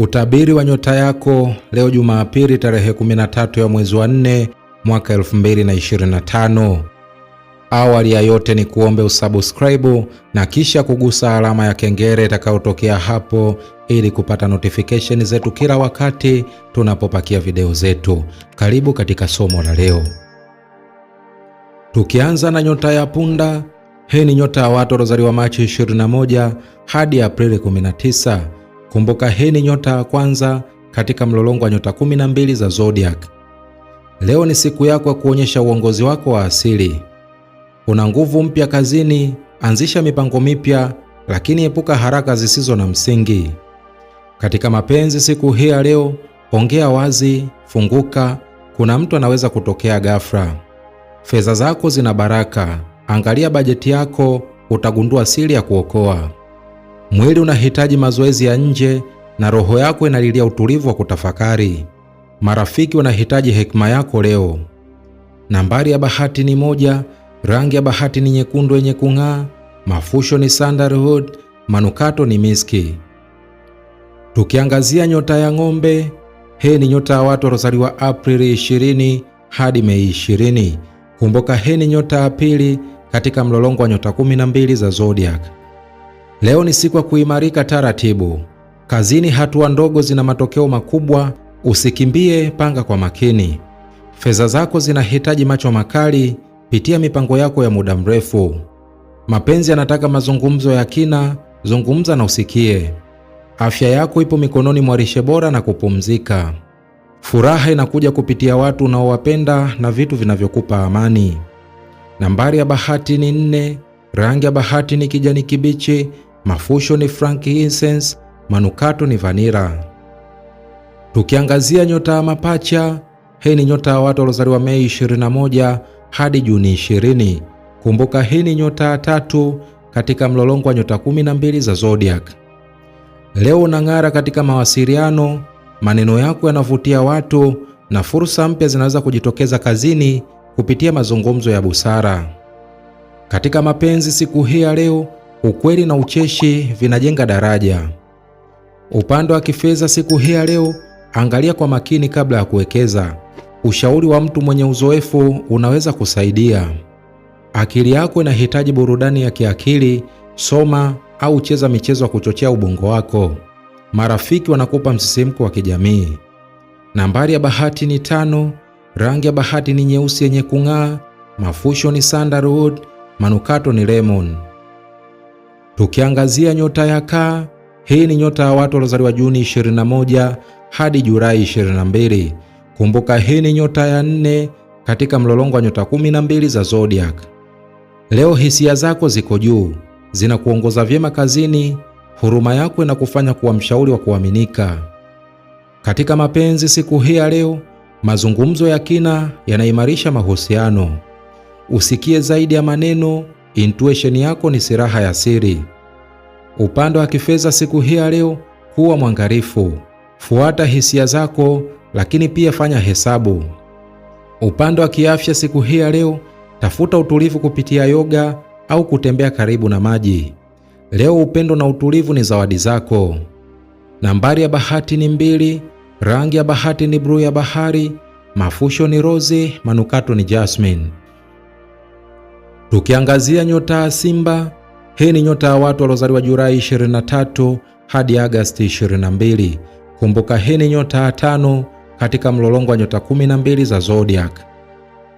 Utabiri wa nyota yako leo Jumapili tarehe 13 ya mwezi wa 4 mwaka 2025. Awali ya yote ni kuombe usubscribe na kisha kugusa alama ya kengele itakayotokea hapo ili kupata notification zetu kila wakati tunapopakia video zetu. Karibu katika somo la leo. Tukianza na nyota ya punda, hii ni nyota ya watu waliozaliwa Machi 21 hadi Aprili 19. Kumbuka hii ni nyota ya kwanza katika mlolongo wa nyota 12 za zodiac. Leo ni siku yako ya kuonyesha uongozi wako wa asili. Una nguvu mpya kazini, anzisha mipango mipya, lakini epuka haraka zisizo na msingi. Katika mapenzi siku hii ya leo, ongea wazi, funguka, kuna mtu anaweza kutokea ghafla. Fedha zako zina baraka, angalia bajeti yako, utagundua siri ya kuokoa. Mwili unahitaji mazoezi ya nje na roho yako inalilia utulivu wa kutafakari. Marafiki wanahitaji hekima yako leo. Nambari ya bahati ni moja. Rangi ya bahati ni nyekundu yenye kung'aa. Mafusho ni sandalwood, manukato ni miski. Tukiangazia nyota ya ng'ombe, hii ni nyota ya watu waliozaliwa Aprili 20 hadi Mei 20. Kumbuka, hii ni nyota ya pili katika mlolongo wa nyota 12 za zodiac. Leo ni siku ya kuimarika taratibu. Kazini hatua ndogo zina matokeo makubwa. Usikimbie, panga kwa makini. Fedha zako zinahitaji macho makali, pitia mipango yako ya muda mrefu. Mapenzi yanataka mazungumzo ya kina, zungumza na usikie. Afya yako ipo mikononi mwa lishe bora na kupumzika. Furaha inakuja kupitia watu unaowapenda na vitu vinavyokupa amani. Nambari ya bahati ni nne. Rangi ya bahati ni kijani kibichi mafusho ni frankincense, manukato ni vanira. Tukiangazia nyota ya mapacha, hii ni nyota ya watu waliozaliwa Mei 21 hadi Juni 20. Kumbuka hii ni nyota ya tatu katika mlolongo wa nyota 12 za zodiac. Leo unang'ara katika mawasiliano, maneno yako yanavutia watu na fursa mpya zinaweza kujitokeza kazini kupitia mazungumzo ya busara. Katika mapenzi siku hii ya leo, Ukweli na ucheshi vinajenga daraja. Upande wa kifedha siku hii ya leo, angalia kwa makini kabla ya kuwekeza. Ushauri wa mtu mwenye uzoefu unaweza kusaidia. Akili yako inahitaji burudani ya kiakili, soma au cheza michezo ya kuchochea ubongo wako. Marafiki wanakupa msisimko wa kijamii. Nambari ya bahati ni tano. Rangi ya bahati ni nyeusi yenye kung'aa. Mafusho ni sandalwood. Manukato ni lemon. Tukiangazia nyota ya Kaa, hii ni nyota ya watu waliozaliwa Juni 21 hadi Julai 22. Kumbuka, hii ni nyota ya nne katika mlolongo wa nyota 12 za zodiac. Leo hisia zako ziko juu, zinakuongoza vyema kazini. Huruma yako inakufanya kuwa mshauri wa kuaminika. Katika mapenzi siku hii ya leo, mazungumzo ya kina yanaimarisha mahusiano. Usikie zaidi ya maneno Intuition yako ni silaha ya siri. Upande wa kifedha siku hii ya leo, kuwa mwangalifu, fuata hisia zako, lakini pia fanya hesabu. Upande wa kiafya siku hii ya leo, tafuta utulivu kupitia yoga au kutembea karibu na maji. Leo upendo na utulivu ni zawadi zako. Nambari ya bahati ni mbili. Rangi ya bahati ni bluu ya bahari. Mafusho ni rozi. Manukato ni jasmine. Tukiangazia nyota ya Simba, hii ni nyota ya watu waliozaliwa Julai 23 hadi Agasti 22. Kumbuka hii ni nyota ya tano katika mlolongo wa nyota 12 za zodiac.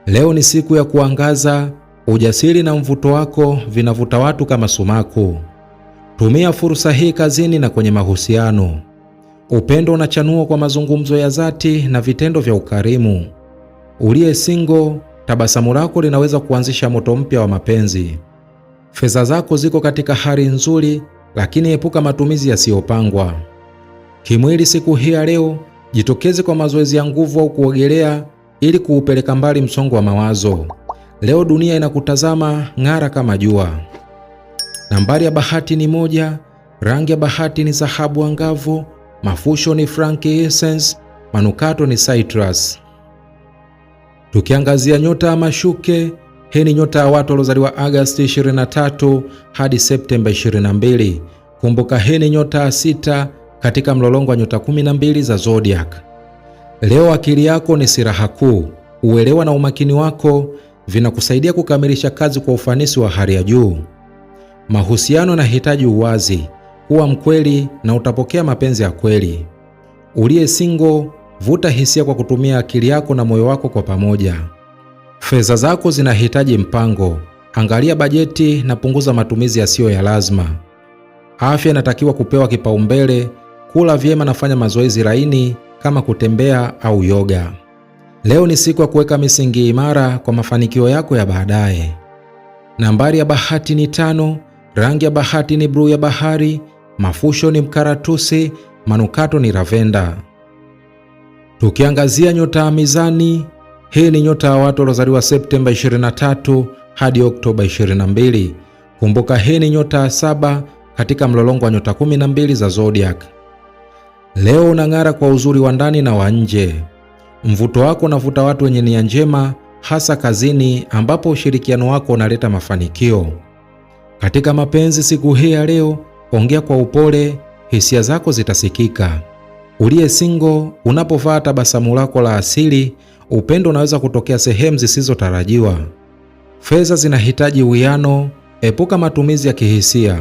Leo ni siku ya kuangaza. Ujasiri na mvuto wako vinavuta watu kama sumaku. Tumia fursa hii kazini na kwenye mahusiano. Upendo unachanua kwa mazungumzo ya dhati na vitendo vya ukarimu. Uliye singo Tabasamu lako linaweza kuanzisha moto mpya wa mapenzi. Fedha zako ziko katika hali nzuri, lakini epuka matumizi yasiyopangwa. Kimwili, siku hii ya leo, jitokeze kwa mazoezi ya nguvu au kuogelea ili kuupeleka mbali msongo wa mawazo. Leo dunia inakutazama ng'ara kama jua. Nambari ya bahati ni moja. Rangi ya bahati ni dhahabu angavu. Mafusho ni frankincense. Manukato ni citrus. Tukiangazia nyota ya mashuke, hii ni nyota ya watu waliozaliwa Agasti 23 hadi Septemba 22. Kumbuka, hii ni nyota ya sita katika mlolongo wa nyota 12 za zodiac. Leo akili yako ni silaha kuu. Uelewa na umakini wako vinakusaidia kukamilisha kazi kwa ufanisi wa hali ya juu. Mahusiano yanahitaji uwazi, kuwa mkweli na utapokea mapenzi ya kweli. Uliye single Vuta hisia kwa kutumia akili yako na moyo wako kwa pamoja. Fedha zako zinahitaji mpango. Angalia bajeti na punguza matumizi yasiyo ya lazima. Afya inatakiwa kupewa kipaumbele. Kula vyema na fanya mazoezi laini kama kutembea au yoga. Leo ni siku ya kuweka misingi imara kwa mafanikio yako ya baadaye. Nambari ya bahati ni tano. Rangi ya bahati ni bluu ya bahari. Mafusho ni mkaratusi. Manukato ni lavenda. Tukiangazia nyota ya mizani, hii ni nyota ya watu waliozaliwa Septemba 23 hadi Oktoba 22. Kumbuka hii ni nyota ya saba katika mlolongo wa nyota 12 za zodiac. Leo unang'ara kwa uzuri wa ndani na wa nje. Mvuto wako unavuta watu wenye nia njema, hasa kazini ambapo ushirikiano wako unaleta mafanikio. Katika mapenzi siku hii ya leo, ongea kwa upole, hisia zako zitasikika. Uliye single, unapovaa tabasamu lako la asili, upendo unaweza kutokea sehemu zisizotarajiwa. Fedha zinahitaji uwiano, epuka matumizi ya kihisia.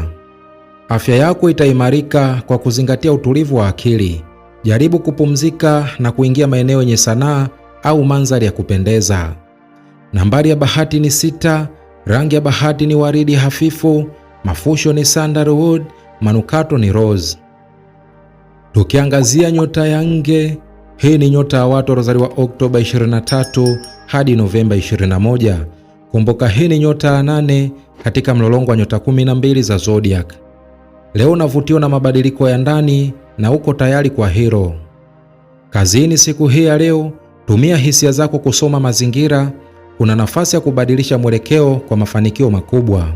Afya yako itaimarika kwa kuzingatia utulivu wa akili. Jaribu kupumzika na kuingia maeneo yenye sanaa au mandhari ya kupendeza. Nambari ya bahati ni sita. Rangi ya bahati ni waridi hafifu. Mafusho ni sandalwood. Manukato ni rose. Tukiangazia nyota ya Nge, hii ni nyota ya watu waliozaliwa Oktoba 23 hadi Novemba 21. Kumbuka hii ni nyota ya nane katika mlolongo wa nyota 12 za zodiac. Leo unavutiwa na mabadiliko ya ndani na uko tayari kwa hilo. Kazini siku hii ya leo, tumia hisia zako kusoma mazingira. Kuna nafasi ya kubadilisha mwelekeo kwa mafanikio makubwa.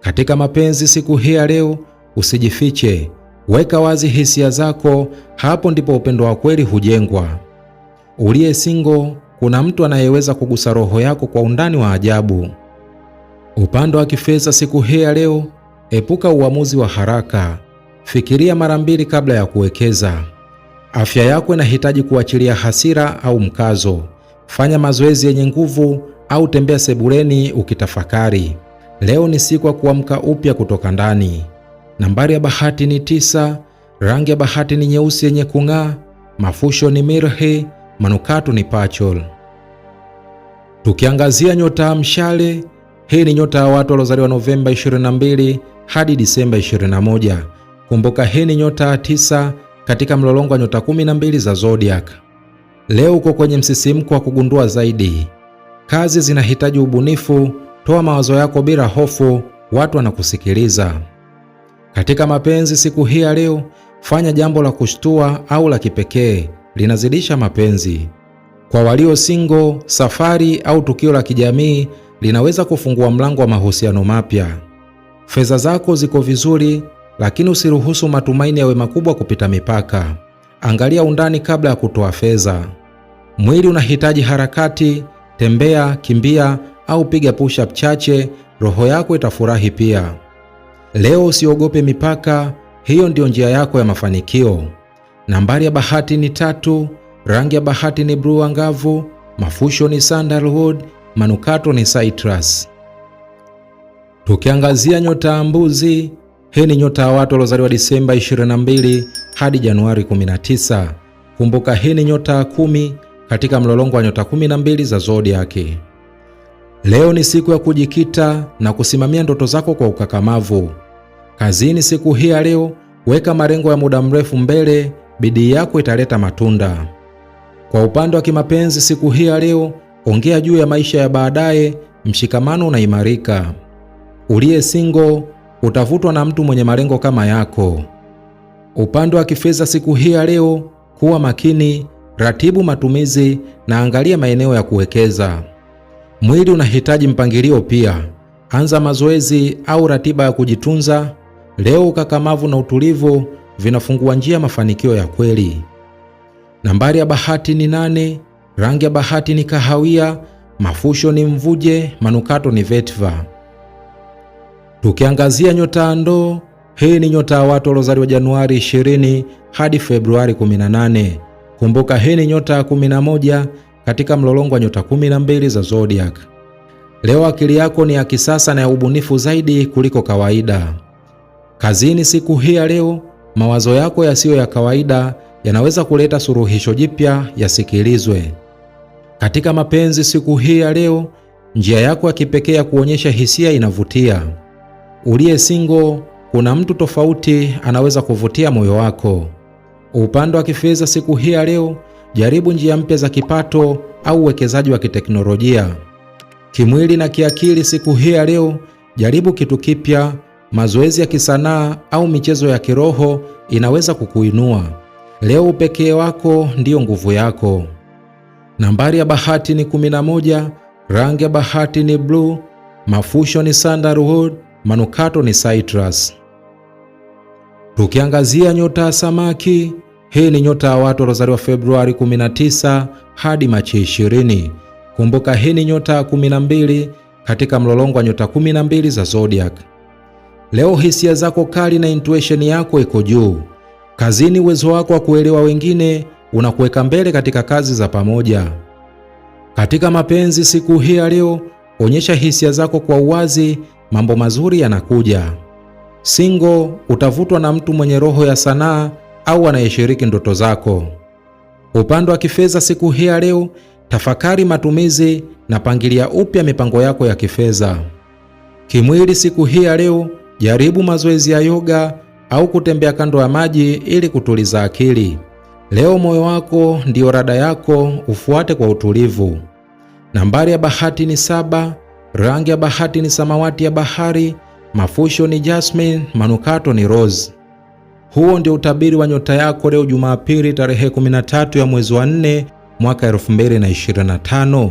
Katika mapenzi siku hii ya leo, usijifiche Weka wazi hisia zako, hapo ndipo upendo wa kweli hujengwa. Uliye singo, kuna mtu anayeweza kugusa roho yako kwa undani wa ajabu. Upande wa kifedha siku hii ya leo, epuka uamuzi wa haraka, fikiria mara mbili kabla ya kuwekeza. Afya yako inahitaji kuachilia hasira au mkazo. Fanya mazoezi yenye nguvu au tembea sebuleni ukitafakari. Leo ni siku ya kuamka upya kutoka ndani. Nambari ya bahati ni tisa. Rangi ya bahati ni nyeusi yenye kung'aa. Mafusho ni mirhi, manukato ni pachol. Tukiangazia nyota ya mshale, hii ni nyota ya watu waliozaliwa Novemba 22 hadi Disemba 21. Kumbuka hii ni nyota ya tisa katika mlolongo wa nyota 12 za zodiac. Leo uko kwenye msisimko wa kugundua zaidi. Kazi zinahitaji ubunifu, toa mawazo yako bila hofu, watu wanakusikiliza. Katika mapenzi siku hii ya leo, fanya jambo la kushtua au la kipekee linazidisha mapenzi. Kwa walio single, safari au tukio la kijamii linaweza kufungua mlango wa mahusiano mapya. Fedha zako ziko vizuri, lakini usiruhusu matumaini yawe makubwa kupita mipaka. Angalia undani kabla ya kutoa fedha. Mwili unahitaji harakati, tembea, kimbia au piga push up chache. Roho yako itafurahi pia. Leo usiogope mipaka, hiyo ndiyo njia yako ya mafanikio. Nambari ya bahati ni tatu, rangi ya bahati ni bluu angavu, mafusho ni sandalwood, manukato ni citrus. Tukiangazia nyota ya mbuzi, hii ni nyota ya watu waliozaliwa Disemba 22 hadi Januari 19. Kumbuka hii ni nyota ya kumi katika mlolongo wa nyota 12 za zodiaki. Leo ni siku ya kujikita na kusimamia ndoto zako kwa ukakamavu. Kazini siku hii ya leo, weka malengo ya muda mrefu mbele. Bidii yako italeta matunda. Kwa upande wa kimapenzi, siku hii ya leo, ongea juu ya maisha ya baadaye. Mshikamano unaimarika. Uliye single utavutwa na mtu mwenye malengo kama yako. Upande wa kifedha, siku hii ya leo, kuwa makini, ratibu matumizi na angalia maeneo ya kuwekeza. Mwili unahitaji mpangilio pia. Anza mazoezi au ratiba ya kujitunza Leo ukakamavu na utulivu vinafungua njia mafanikio ya kweli. Nambari ya bahati ni nane, rangi ya bahati ni kahawia, mafusho ni mvuje, manukato ni vetva. Tukiangazia nyota ya ndoo, hii ni nyota ya watu waliozaliwa Januari 20 hadi Februari 18. Kumbuka hii ni nyota ya 11 katika mlolongo wa nyota 12 za zodiac. Leo akili yako ni ya kisasa na ya ubunifu zaidi kuliko kawaida. Kazini siku hii ya leo, mawazo yako yasiyo ya kawaida yanaweza kuleta suluhisho jipya, yasikilizwe. Katika mapenzi siku hii ya leo, njia yako ya kipekee ya kuonyesha hisia inavutia. Uliye single, kuna mtu tofauti anaweza kuvutia moyo wako. Upande wa kifedha siku hii ya leo, jaribu njia mpya za kipato au uwekezaji wa kiteknolojia. Kimwili na kiakili siku hii ya leo, jaribu kitu kipya mazoezi ya kisanaa au michezo ya kiroho inaweza kukuinua. Leo upekee wako ndiyo nguvu yako. Nambari ya bahati ni 11, rangi ya bahati ni bluu, mafusho ni sandalwood, manukato ni citrus. Tukiangazia nyota ya samaki, hii ni nyota ya watu waliozaliwa Februari 19 hadi Machi 20. Kumbuka hii ni nyota ya 12 katika mlolongo wa nyota 12 za zodiac. Leo hisia zako kali na intuition yako iko juu. Kazini, uwezo wako wa kuelewa wengine unakuweka mbele katika kazi za pamoja. Katika mapenzi, siku hii ya leo, onyesha hisia zako kwa uwazi, mambo mazuri yanakuja. Single, utavutwa na mtu mwenye roho ya sanaa au anayeshiriki ndoto zako. Upande wa kifedha, siku hii ya leo, tafakari matumizi na pangilia upya mipango yako ya kifedha. Kimwili, siku hii ya leo Jaribu mazoezi ya yoga au kutembea kando ya maji ili kutuliza akili. Leo moyo wako ndiyo rada yako, ufuate kwa utulivu. Nambari ya bahati ni saba. Rangi ya bahati ni samawati ya bahari. Mafusho ni jasmine, manukato ni rose. Huo ndio utabiri wa nyota yako leo Jumapili tarehe 13 ya mwezi wa 4 mwaka 2025